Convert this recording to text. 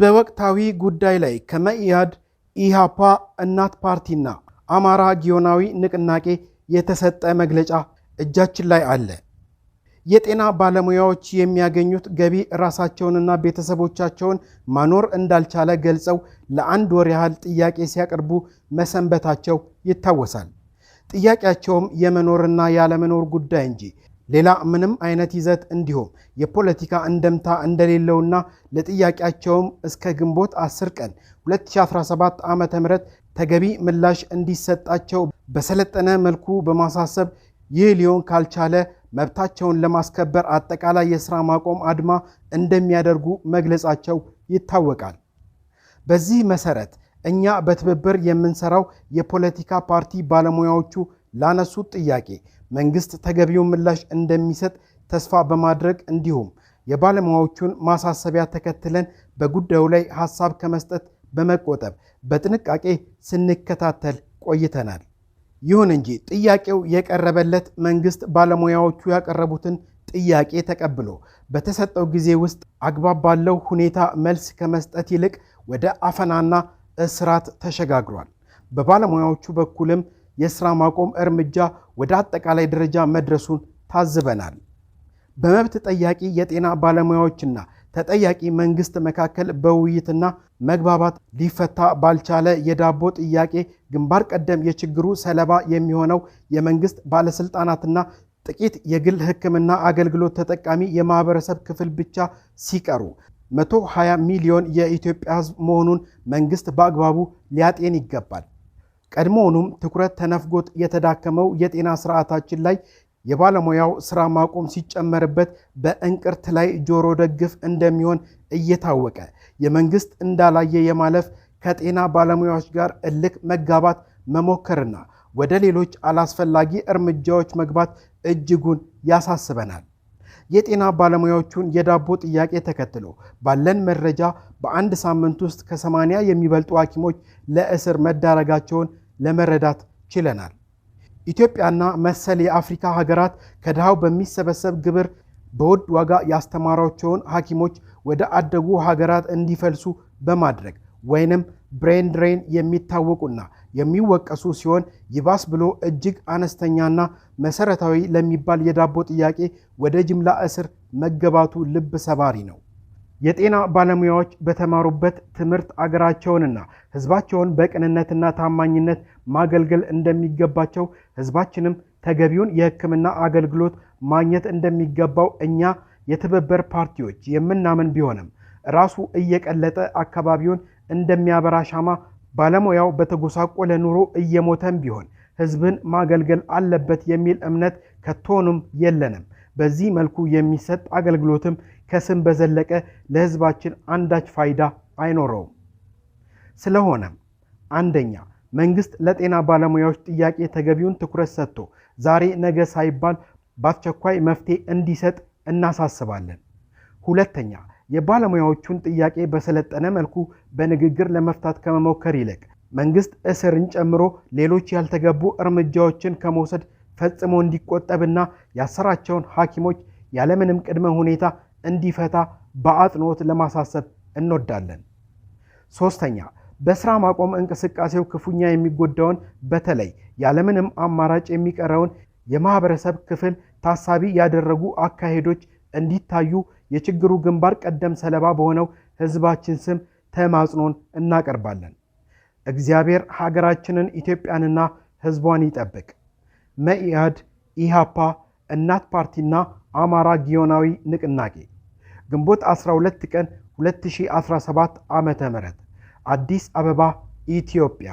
በወቅታዊ ጉዳይ ላይ ከመኢአድ፣ ኢሃፓ፣ እናት ፓርቲና አማራ ጊዮናዊ ንቅናቄ የተሰጠ መግለጫ እጃችን ላይ አለ። የጤና ባለሙያዎች የሚያገኙት ገቢ ራሳቸውንና ቤተሰቦቻቸውን ማኖር እንዳልቻለ ገልጸው ለአንድ ወር ያህል ጥያቄ ሲያቀርቡ መሰንበታቸው ይታወሳል። ጥያቄያቸውም የመኖርና ያለመኖር ጉዳይ እንጂ ሌላ ምንም አይነት ይዘት እንዲሁም የፖለቲካ እንደምታ እንደሌለውና ለጥያቄያቸውም እስከ ግንቦት 10 ቀን 2017 ዓ ም ተገቢ ምላሽ እንዲሰጣቸው በሰለጠነ መልኩ በማሳሰብ ይህ ሊሆን ካልቻለ መብታቸውን ለማስከበር አጠቃላይ የሥራ ማቆም አድማ እንደሚያደርጉ መግለጻቸው ይታወቃል። በዚህ መሰረት እኛ በትብብር የምንሰራው የፖለቲካ ፓርቲ ባለሙያዎቹ ላነሱት ጥያቄ መንግስት ተገቢውን ምላሽ እንደሚሰጥ ተስፋ በማድረግ እንዲሁም የባለሙያዎቹን ማሳሰቢያ ተከትለን በጉዳዩ ላይ ሀሳብ ከመስጠት በመቆጠብ በጥንቃቄ ስንከታተል ቆይተናል። ይሁን እንጂ ጥያቄው የቀረበለት መንግስት ባለሙያዎቹ ያቀረቡትን ጥያቄ ተቀብሎ በተሰጠው ጊዜ ውስጥ አግባብ ባለው ሁኔታ መልስ ከመስጠት ይልቅ ወደ አፈናና እስራት ተሸጋግሯል። በባለሙያዎቹ በኩልም የስራ ማቆም እርምጃ ወደ አጠቃላይ ደረጃ መድረሱን ታዝበናል። በመብት ጠያቂ የጤና ባለሙያዎችና ተጠያቂ መንግስት መካከል በውይይትና መግባባት ሊፈታ ባልቻለ የዳቦ ጥያቄ ግንባር ቀደም የችግሩ ሰለባ የሚሆነው የመንግስት ባለስልጣናትና ጥቂት የግል ሕክምና አገልግሎት ተጠቃሚ የማህበረሰብ ክፍል ብቻ ሲቀሩ 120 ሚሊዮን የኢትዮጵያ ሕዝብ መሆኑን መንግስት በአግባቡ ሊያጤን ይገባል። ቀድሞውኑም ትኩረት ተነፍጎት የተዳከመው የጤና ስርዓታችን ላይ የባለሙያው ስራ ማቆም ሲጨመርበት በእንቅርት ላይ ጆሮ ደግፍ እንደሚሆን እየታወቀ የመንግስት እንዳላየ የማለፍ ከጤና ባለሙያዎች ጋር እልክ መጋባት መሞከርና ወደ ሌሎች አላስፈላጊ እርምጃዎች መግባት እጅጉን ያሳስበናል። የጤና ባለሙያዎቹን የዳቦ ጥያቄ ተከትሎ ባለን መረጃ በአንድ ሳምንት ውስጥ ከ80 የሚበልጡ ሐኪሞች ለእስር መዳረጋቸውን ለመረዳት ችለናል። ኢትዮጵያና መሰል የአፍሪካ ሀገራት ከድሃው በሚሰበሰብ ግብር በውድ ዋጋ ያስተማሯቸውን ሐኪሞች ወደ አደጉ ሀገራት እንዲፈልሱ በማድረግ ወይንም ብሬን ድሬን የሚታወቁና የሚወቀሱ ሲሆን ይባስ ብሎ እጅግ አነስተኛና መሰረታዊ ለሚባል የዳቦ ጥያቄ ወደ ጅምላ እስር መገባቱ ልብ ሰባሪ ነው። የጤና ባለሙያዎች በተማሩበት ትምህርት አገራቸውንና ህዝባቸውን በቅንነትና ታማኝነት ማገልገል እንደሚገባቸው፣ ህዝባችንም ተገቢውን የህክምና አገልግሎት ማግኘት እንደሚገባው እኛ የትብብር ፓርቲዎች የምናምን ቢሆንም ራሱ እየቀለጠ አካባቢውን እንደሚያበራ ሻማ ባለሙያው በተጎሳቆለ ኑሮ እየሞተም ቢሆን ህዝብን ማገልገል አለበት የሚል እምነት ከቶንም የለንም። በዚህ መልኩ የሚሰጥ አገልግሎትም ከስም በዘለቀ ለህዝባችን አንዳች ፋይዳ አይኖረውም። ስለሆነም አንደኛ መንግስት ለጤና ባለሙያዎች ጥያቄ ተገቢውን ትኩረት ሰጥቶ ዛሬ ነገ ሳይባል በአስቸኳይ መፍትሄ እንዲሰጥ እናሳስባለን። ሁለተኛ የባለሙያዎቹን ጥያቄ በሰለጠነ መልኩ በንግግር ለመፍታት ከመሞከር ይልቅ መንግስት እስርን ጨምሮ ሌሎች ያልተገቡ እርምጃዎችን ከመውሰድ ፈጽሞ እንዲቆጠብና ያሰራቸውን ሐኪሞች ያለምንም ቅድመ ሁኔታ እንዲፈታ በአጽንኦት ለማሳሰብ እንወዳለን። ሶስተኛ በስራ ማቆም እንቅስቃሴው ክፉኛ የሚጎዳውን በተለይ ያለምንም አማራጭ የሚቀረውን የማህበረሰብ ክፍል ታሳቢ ያደረጉ አካሄዶች እንዲታዩ የችግሩ ግንባር ቀደም ሰለባ በሆነው ሕዝባችን ስም ተማጽኖን እናቀርባለን። እግዚአብሔር ሀገራችንን ኢትዮጵያንና ሕዝቧን ይጠብቅ። መኢአድ፣ ኢሃፓ፣ እናት ፓርቲና አማራ ጊዮናዊ ንቅናቄ ግንቦት 12 ቀን 2017 ዓ.ም አዲስ አበባ ኢትዮጵያ